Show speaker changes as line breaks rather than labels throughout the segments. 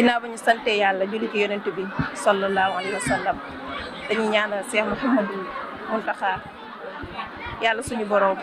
ginnaaw ba ñu sante yàlla julli ci bi sallallahu alayhi wa sallam dañu ñaanal Cheikh Mouhamadou Mountakha yàlla suñu boroom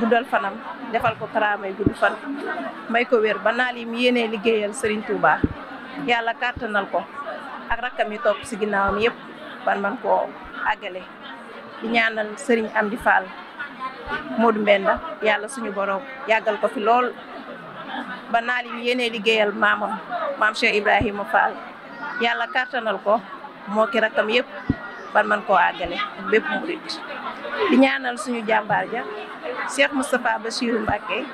guddal fanam defal ko taraamay gudd fan may ko wér ba naa lim yéenee liggéeyal Serigne Touba yàlla kàttanal ko ak rakkam yi topp si ginnaawam yëpp ban man koo àggale di ñaanal Serigne Amdi Fall Modou Mbenda yàlla suñu boroom yàggal ko fi lool ba naa lim yéenee liggéeyal maamam maam Cheikh Ibrahima Fall yàlla kàttanal ko moo ki rakkam yépp ban man koo àggale bépp murit di ñaanal suñu jàmbaar ja Cheikh Moustapha Bassirou Mbacké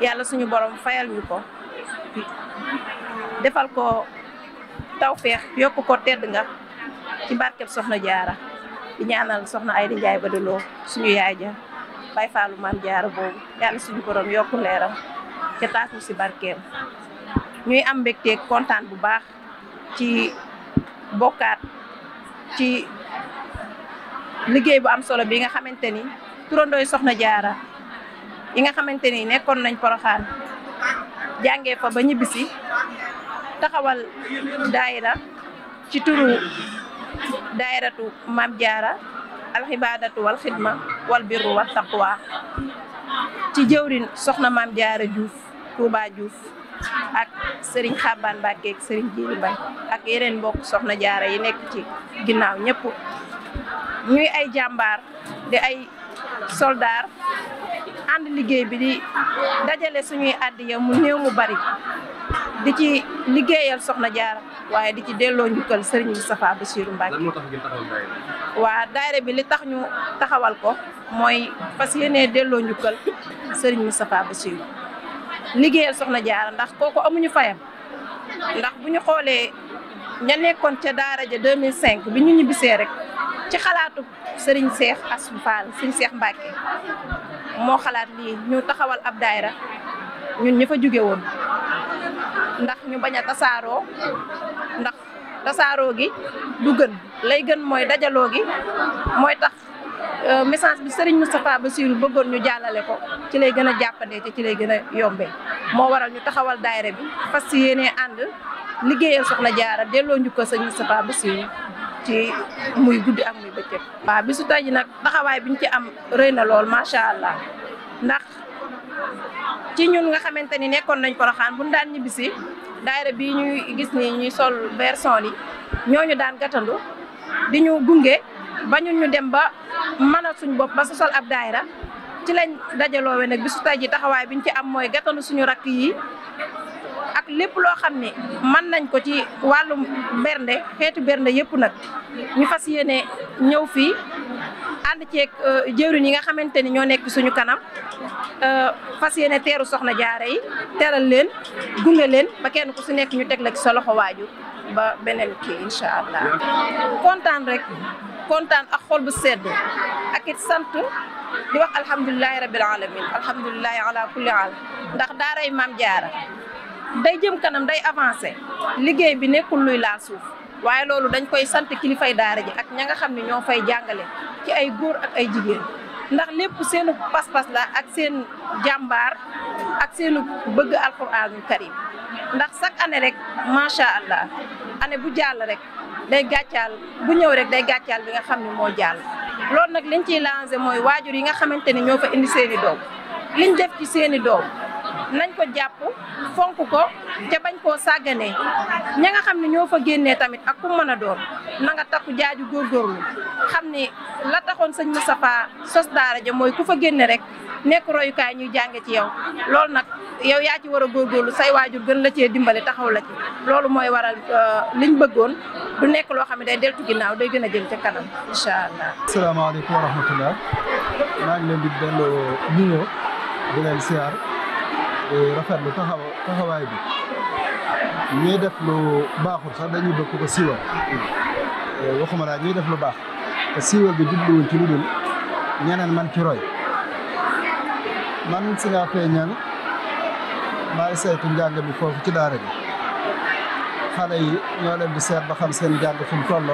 yàlla suñu borom fayal ñu ko defal ko tawfeex yokk ko tedd nga ci barkeb soxna jaara di ñaanal soxna Ayda Njaay Badaloo suñu yaay ja bay faalu maam jaara boobu yàlla suñu borom yokku leeram ca taaku si barkeem ñuy am mbégteeg kontaan bu baax ci bokkaat ci liggéey bu am solo bi nga xamante ni turandooy soxna jaara yi nga xamante ni nekkoon nañ poroxaan jàngee fa ba ñibbisi taxawal daayira ci turu daayiratu maam jaara alxibaadatu wal xidma wal birru wat taqwa ci jëwrin soxna maam jaara Diouf Touba Diouf ak sëriñ Xaban Mbacke ak Serigne Djili ak yeneen mbokk soxna jaara yi nekk ci ginnaaw ñëpp ñuy ay jàmbaar di ay soldaar ànd liggéey bi di dajale suñuy àddiya mu néew mu bari di ci liggéeyal soxna jaara waaye di ci delloo njukkal Serigne Moustapha Bassirou Mbacke waa daayira bi li tax ñu taxawal ko mooy fas yéene delloo njukkal Serigne Moustapha Bassirou liggéeyal soxna jaara ndax kooku amuñu fayam ndax bu ñu xoolee ña nekkoon ca daara ja 2005 bi ñu ñibbisee rek ci xalaatu sëriñ Seex Asou Fall sëriñ Seex Mbàkke moo xalaat lii ñu taxawal ab daayra ñun ñi fa jóge woon ndax ñu bañ a tasaaroo ndax tasaaroo gi du gën lay gën mooy dajaloo gi mooy tax Euh, message bi Serigne Moustapha Bassirou bëggoon ñu jàllale ko ci lay gën a jàppandee te ci lay gën a yombee moo waral ñu taxawal daayira bi fas yéenee ànd liggéeyal soxna jaara delloo njukkal Serigne Moustapha Bassirou ci muy guddi ak muy bëccëg. waa bisu tey ji nag taxawaay ñu ci am rëy na lool macha allah ndax ci ñun nga xamante ni nekkoon nañ Porokhane buñ daan ñibbisi daayira bii ñuy gis nii ñuy sol version yi ñoo ñu daan gàttandu di ñu gunge. ba ñu dem ba mën suñ bopp ba sosal ab daayira ci lañ dajaloowe nag bisu tey ji taxawaay bi ñu ci am mooy gàttanu suñu rakk yi ak lépp loo xam ne mën nañ ko ci wàllum bernde xeetu bernde yëpp nag ñu fas yéene ñëw fii ànd ceeg euh, jëwriñ yi nga xamante ni ñoo nekk suñu kanam euh, fas yéene teeru soxna jaare yi teral leen gunge leen ba kenn ku si nekk ñu teg la sa loxo waajur ba beneen kii incha allah kontaan rek kontaan ak xol bu sedd ak it sant lu wax alhamdulilahi rabil alamin alhamdulilahi ala kulli haal ndax daaray maam jaara day jëm kanam day avancé liggéey bi nekkul luy laal suuf waaye loolu dañ koy sant kilifay daara ji ak ña nga xam ni ñoo fay jàngale ci ay góor ak ay jigéen ndax lépp seenu pas-pas la ak seen jàmbaar ak seenu bëgg alquranul karim ndax chaque année rek macha allah année bu jàll rek day gàccaal bu ñëw rek day gàccaal bi nga xam ne moo jàll loolu nag liñ ciy lancé mooy waajur yi nga xamante ni ñoo fa indi seen i doom liñ def ci seen i doom nañ ko jàpp fonk ko ca bañ koo sàgganee ña nga xam ne ñoo fa génnee tamit ak ku mën a doon na nga takku jaaju góor góorgóorlu xam ne la taxoon sëñ Moustapha sos daara ja mooy ku fa génne rek nekk royukaay ñuy jànge ci yow loolu nag yow yaa ci war a góorgóorlu say waajur gën la cee dimbali taxaw la ci loolu mooy waral euh, liñ bëggoon du nekk loo xam ne day deltu ginnaaw day gën a jëm ca kanam incha allah.
asalaamaaleykum wa rahmatulah maa ngi leen di delloo nuyoo di leen siyaar. rafetlu taxaw taxawaay bi ñuy def lu baaxul sax dañuy bëgg ko siiwal eh, waxuma laa ñuy def lu baax te siiwal bi jubluwuñ ci lu dul ñeneen man ci roy man si ngaa fee ñaan maa ngi saytu njàng bi foofu ci daara bi xale yi ñoo leen di seet ba xam seen njàng fu mu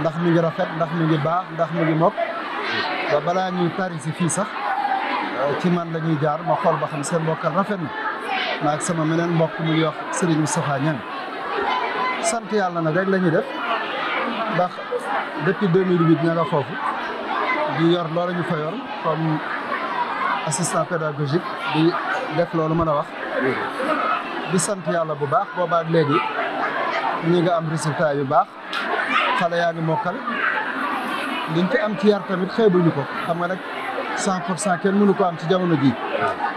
ndax mi ngi rafet ndax mi ngi baax ndax mi ngi mokk ba balaa ñuy tari fii sax ci man la ñuy jaar ma xool ba xam seen mbokkal rafet na maag sama meneen mbokk mu ñuy wax Serigne Moustapha Niang sant yàlla nag rek la ñuy def ndax depuis 2008 ña nga foofu di yor loolu ñu fa yor comme assistant pédagogique di def loolu mën a wax di sant yàlla bu baax boobaak léegi ñi nga am résultat yu baax xale yaa ngi mokkal liñ ci am ci yar tamit xeebuñu ko xam nga nag cent cent kenn ci jamono ji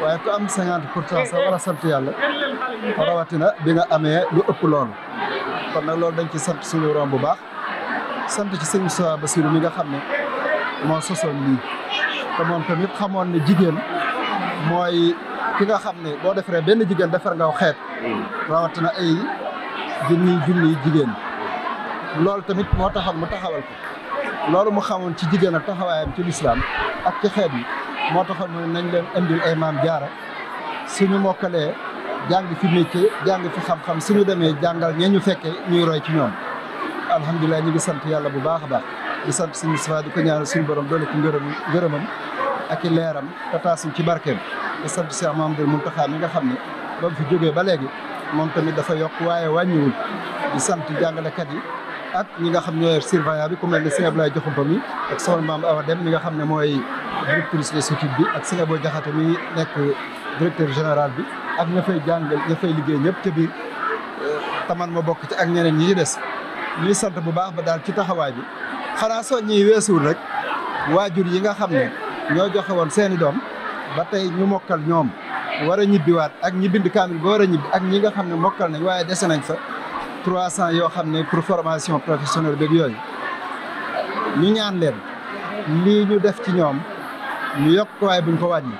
waaye ku am cinquante pour cent sax war a sant rawatina bi nga amee lu ëpp loolu kon nag loolu dañ ci sant suñu bu baax sant ci sëñ Moussa Bassirou mi nga xam ne moo sosoon lii te moom tamit xamoon ne jigéen mooy ki nga xam ne boo defaree benn jigéen defar nga xeet rawatina ay junniy junniy jigéen loolu tamit moo taxaw mu taxawal ko loolu mu xamoon ci jigéen ak taxawaayam ci lislaam ak ci xeeb yi moo taxoon ñu nañ leen indil ay maam jaara suñu mokkalee jàng fi métier jàng fi xam-xam suñu demee jàngal ñee ñu fekke ñuy roy ci ñoom alhamdulilah ñu ngi sant yàlla bu baax a baax di sant suñu Moustapha di ko ñaanal suñu borom doole ko ngërëm ngërëmam ak i leeram te taasuñ ci barkeem di sant Cheikh Mamadou Mountakha mi nga xam ne ba fi jógee ba léegi moom tamit dafa yokk waaye wàññiwul di sant jàngalekat yi ak ñi nga xam ñooy surveillant bi ku mel ne sëñ Abdoulaye Diakhoumpa mi ak soxna Maam Awa Dem mi nga xam ne mooy directrice de l'étude bi ak sëñ Abo Diakhaté mi nekk directeur général bi ak ña fay jàngal ña liggéey ñëpp te biir euh, taman ma bokk ci ak ñeneen ñi des ñuy sant bu baax ba daal ci taxawaay bi xanaa soo ñuy weesuwul rek waajur yi nga xam ne ñoo joxe woon seeni doom ba tey ñu mokkal ñoom war a ñibbiwaat ak ñi bind kaamil ba war a ñibbi ak ñi nga xam ne mokkal nañ waaye dese nañ fa trois cent yoo xam ne pour formation professionnelle beeg yooyu ñu ñaan leen lii ñu def ci ñoom ñu yokk ko waaye buñ ko wàññi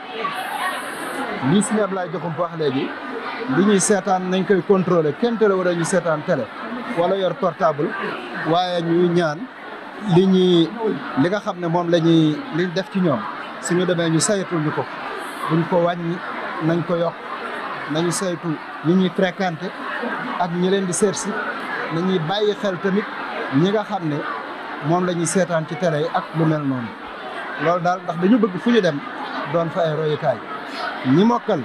lii si ñebe laay joxum wax léegi li ñuy seetaan nañ koy contrôler kenn télé wala ñu seetaan télé wala yor portable waaye ñuy ñaan li ñuy li nga xam ne moom lañuy ñuy liñ def ci ñoom suñu demee ñu saytuñu ñu ko buñ ko wàññi nañ ko yokk nañu saytu li ñuy fréquenter. ak ñi leen di seet si nañuy bàyyi xel tamit ñi nga xam ne moom lañuy seetaan ci télé yi ak lu mel noonu loolu daal ndax dañu bëgg fu ñu dem doon fa ay royukaay ñi mokkal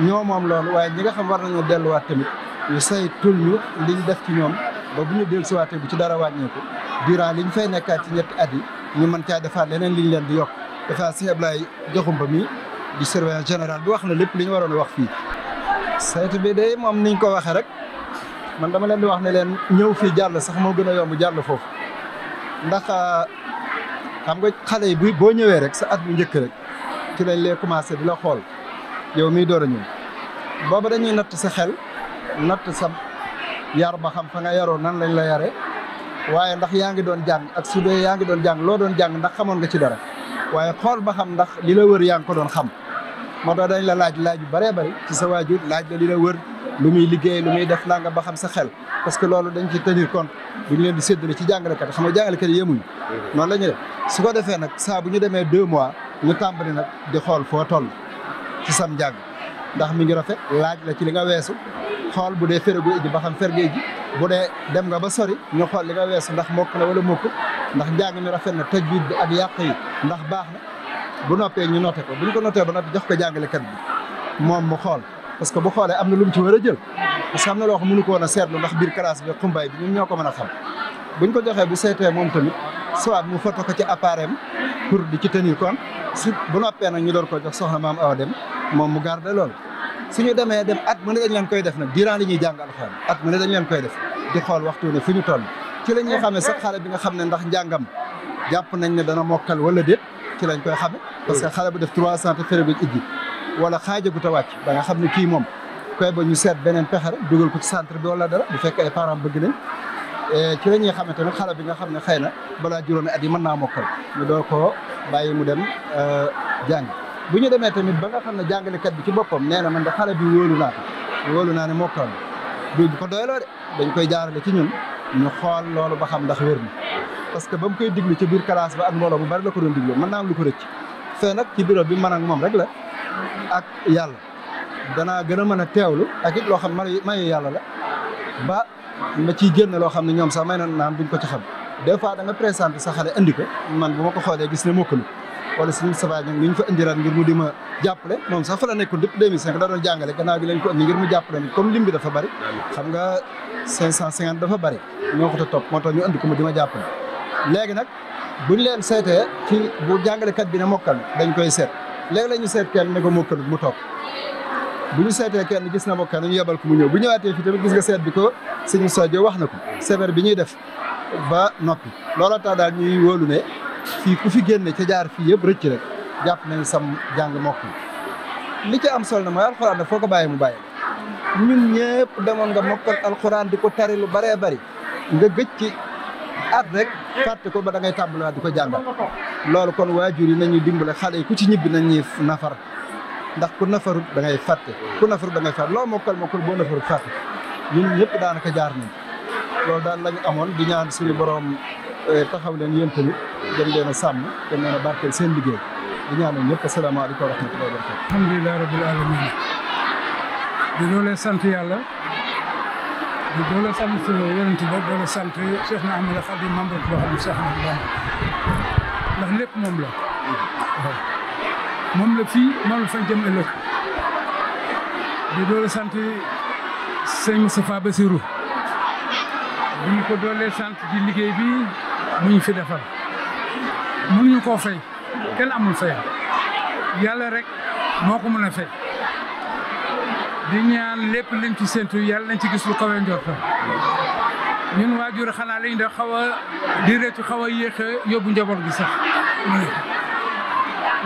ñoo moom loolu waaye ñi nga xam war nañu delluwaat tamit ñu saytul ñu liñ def ci ñoom ba bu ñu dellusiwaatee bu ci dara wàññeeku durant liñ fay nekkaat ci ñetti at yi ñu mën caa defaat leneen liñ leen di yokk dafa si Ablaye Jaxumba mi di surveillant général bi wax na lépp li ñu waroon wax fii saytu bi day moom niñ ko waxee rek man dama leen di wax ne leen ñëw fii jàll sax moo gën a yomb jàll foofu ndax ah, xam nga xale yi boo ñëwee rek sa at bu njëkk rek ci lañ lee commencé di la xool yow mii door a ñëw booba dañuy natt sa xel natt sa yar ba xam fa nga yaroo nan lañ la yare waaye ndax yaa ngi doon jàng ak su dee yaa ngi doon jàng loo doon jàng ndax xamoon nga ci dara waaye xool ba xam ndax li la wër yaa ngi ko doon xam moo tax dañ la laaj laaj yu bare bëri ci sa waajur laaj la li la wër lu muy liggéey lu muy def nanga ba xam sa xel parce que loolu dañ ci tenir kon bu ñu leen di na ci jàngalekat xam nga jàngalekat yemuñu noonu la ñu su ko defee nag saa bu ñu demee deux mois ñu tàmbali nag di xool foo toll ci sam njàng ndax mi ngi rafet laaj la ci li nga weesu xool bu dee fergu ji ba xam fergu ji bu dee dem nga ba sori ñu xool li nga weesu ndax mokk na wala mokk ndax njàng mi rafet na tëj bi ak yàq yi ndax baax na bu noppee ñu noté ko bu ñu ko noté ba noppi jox ko jàngalekat bi moom mu xool parce que bu xoolee am na lu mu ci war a jël parce que am na loo xam ko woon a seetlu ndax biir classe bi xumbaay bi ñun ñoo ko mën a xam buñ ko joxee bu seetee moom tamit soit mu foto ko ci appareil am pour di ci tenir compte bu noppee nag ñu door ko jox soxna maam awa dem moom mu garde loolu suñu demee dem at mu ne dañ leen koy def nag durant li ñuy jàng alxuraan at mu ne dañ leen koy def di xool waxtu ne fu ñu toll ci la ñuy xamee sax xale bi nga xam ne ndax njàngam jàpp nañ ne dana mokkal wala déet ci lañ koy xame parce que xale bu def trois cent te fere ba ijji wala xaajagu ta wàcc da nga xam ne kii moom koy ba ñu seet beneen pexe dugal ko ci centre bi wala dara bu fekk ay parents bëgg nañ e ci la ñuy xame tamit xale bi nga xam ne xëy na balaa juróomi at yi mën naa mokkal ñu door ko bàyyi mu dem e, jàng bu ñu demee tamit ba nga xam ne jàngalekat bi ci boppam nee na man de xale bi wóolu naa ko wóolu naa ne mokkal duñ ko doyloo de dañ koy jaarale ci ñun ñu xool loolu ba xam ndax wér na parce que ba mu koy diglu ci biir classe ba ak mbooloo bu bari la ko doon diglu mën naa am lu rëcc fee ci bureau bi man ak moom rek la ak yàlla danaa gën a mën a teewlu ak it loo xam ne mayu yàlla la ba ma ciy génn loo xam ne ñoom sax may na naan duñ ko ci xam des fois da nga présenté sa xale indi ko man bu ma ko xoolee gis ne mokkalu wala suñu savaay ñoom ñu fa indiran ngir mu di ma jàppale moom sax fa la nekkul depuis 2005 da doon jàngale gannaaw gi lañ ko indi comme lim bi dafa bari xam nga 550 dafa bari ñoo ko ta moo tax ñu indi ko mu di ma jàppale léegi nag buñ leen seetee ci bu jàngalekat bi na mokkan dañ koy seet léegi la ñu seet kenn na ko mokkalut mu toog bu ñu seetee kenn gis na mokkal ñu yebal ku mu ñëw bu ñëwaatee fii tamit gis nga seet bi ko suñu sojo wax na ko sévère bi ñuy def ba noppi loola tax daal ñuy wóolu ne fii ku fi génne ca jaar fii yëpp rëcc rek jàpp nañ sam jàng mokkal li ci am solo na mooy alxuraan nag foo ko bàyyi mu bàyyi ñun ñëpp demoon nga mokkal alxuraan di ko tari lu bëree bëri nga gëj at rek fàtte ko ba da ngay tàmbaliwaat di ko jàngal loolu kon waajur yi nañu dimbale xale yi ku ci ñibbi nañuy nafar ndax ku nafarut da ngay fàtte ku nafarut da ngay fàtte loo mokkal mokkal boo nafarut fàtte ñun ñëpp daanaka jaar nañ loolu daal lañu amoon di ñaan suñu borom eh, taxaw leen yéen tamit dem leen a sàmm dem na a barkeel seen liggéey di ñaanal ñëpp asalaamaaleykum wa rahmatullahi wa barakatu alhamdulilah rabbil di loolee
sant yàlla di doole sant yonent ba doole sant Cheikh na Ahmadou Khadim mam bot boo xam ne Cheikh Ahmadou Bamba lépp moom la moom la fi moom la fa jëm ëllëg di doole sant sëñ Moustapha Bassirou bu ñu ko doolee sant di liggéey bi mu ñu fi defal mënuñu koo fay kenn amul fay yàlla rek moo ko mën a fay di ñaan lépp liñ ci sentu yàlla nañ ci gis lu kawe njorta ñun waajur xanaa lañ de xaw a di réccu xaw a yéex yóbbu njaboot gi sax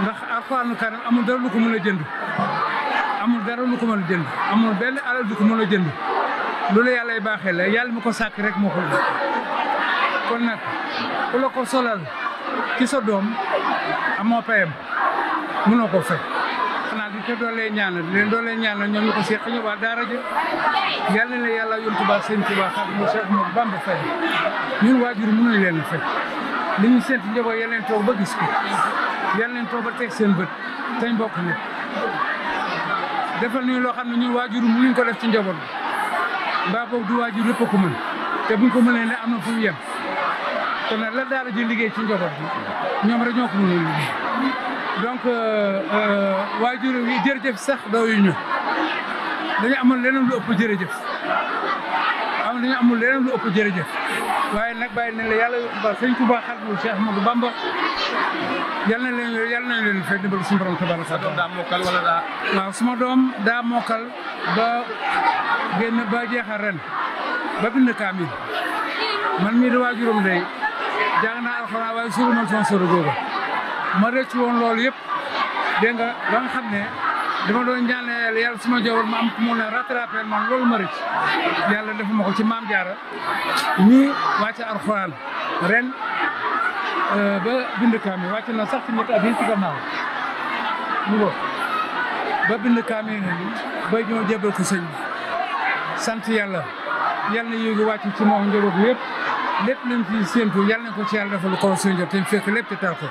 ndax alxuraanu karim amul dara lu ko mën a jënd amul dara lu ko mën jënd amul benn alal du ko mën a jënd loolu yàlla ay baaxee la yàlla mu ko sàkk rek moo ko kon nag ku ko solal ci sa doom amoo payam noo ko fay di ca doolee ñaanal di leen doolee ñaanal ñoom ñu ko seq ñu waa daara ji yal na leen a yónni Tuubaa sëñ Tuubaa xam mu Seex Ahmadu Bamba fay ñun waajur mënuñu leen a fay li ñu seent njaboot yal leen toog ba gis ko yal leen toog ba teg seen bët tañ bokk ne defal ñu loo xam ne ñun waajur mënuñ ko def ci njaboot mbaa boobu du waajur lépp ko mën te buñ ko mënee ne am na fu mu yem kon la daara ji liggéey ci njaboot ñoom rek ñoo ko mënoon liggéey donc euh, euh, waajur yi jërëjëf sax doyuñu dañu amoon leneen lu ëpp jërëjëf am dañu amul leneen lu ëpp jërëjëf waaye nag bàyyi nañ la yàlla ba sëñ Touba xarbu Cheikh Ahmadou Bamba yal na leen yal na leen fekk ndimbal suñu borom tabaraka daa mokkal wala daa waaw suma doom daa mokkal ba génn ba jeexal ren ba bind kaamil man mii di waajuram day jàng naa alxuraan waaye suru man sama suru googa ma rëcc woon loolu yëpp dégg nga ba xam ne dama doon ñaan yàlla su ma joowoon ma am ku mu ne rattrapé man loolu ma rëcc yàlla defu ma ko ci maam jaara ñu wàcce alxuraan ren euh, ba bindukaay mi wàcc na sax ci ñetti at yi ci gannaaw ñu ko ba bindukaay mi ba ñoo jébal ko sëñ sant yàlla yàlla na yéegi wàcc ci moom njaboot yëpp. lépp luñ fi séentu yal na ko ci yàlla defal ko suñu jot te fekk lépp te tal ko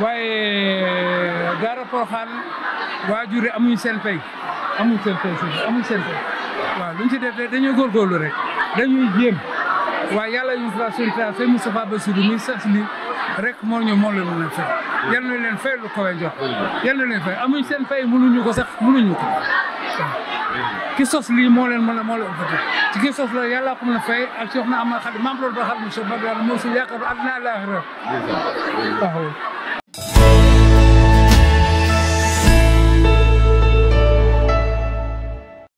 waaye euh, daara Porokhane waajur amuñ seen pay amuñ seen pay amuñ seen pay waaw luñ ci def dañuy góorgóorlu rek dañuy jéem waaye yàlla ñu fa suñu taal fay Moustapha Bassirou muy sas li rek moo ñu moo leen mën a fay yal na leen fay lu ko way jot yal amuñ seen pay mënuñu ko sax mënuñu ko ki sos lii moo leen mën a moo leen fëte ci ki sos la yàlla ko mën a fay ak Cheikh na am na xam ne membre ba xam ne Cheikh Badara moo si yaakaaru àddina àllaaxira waaw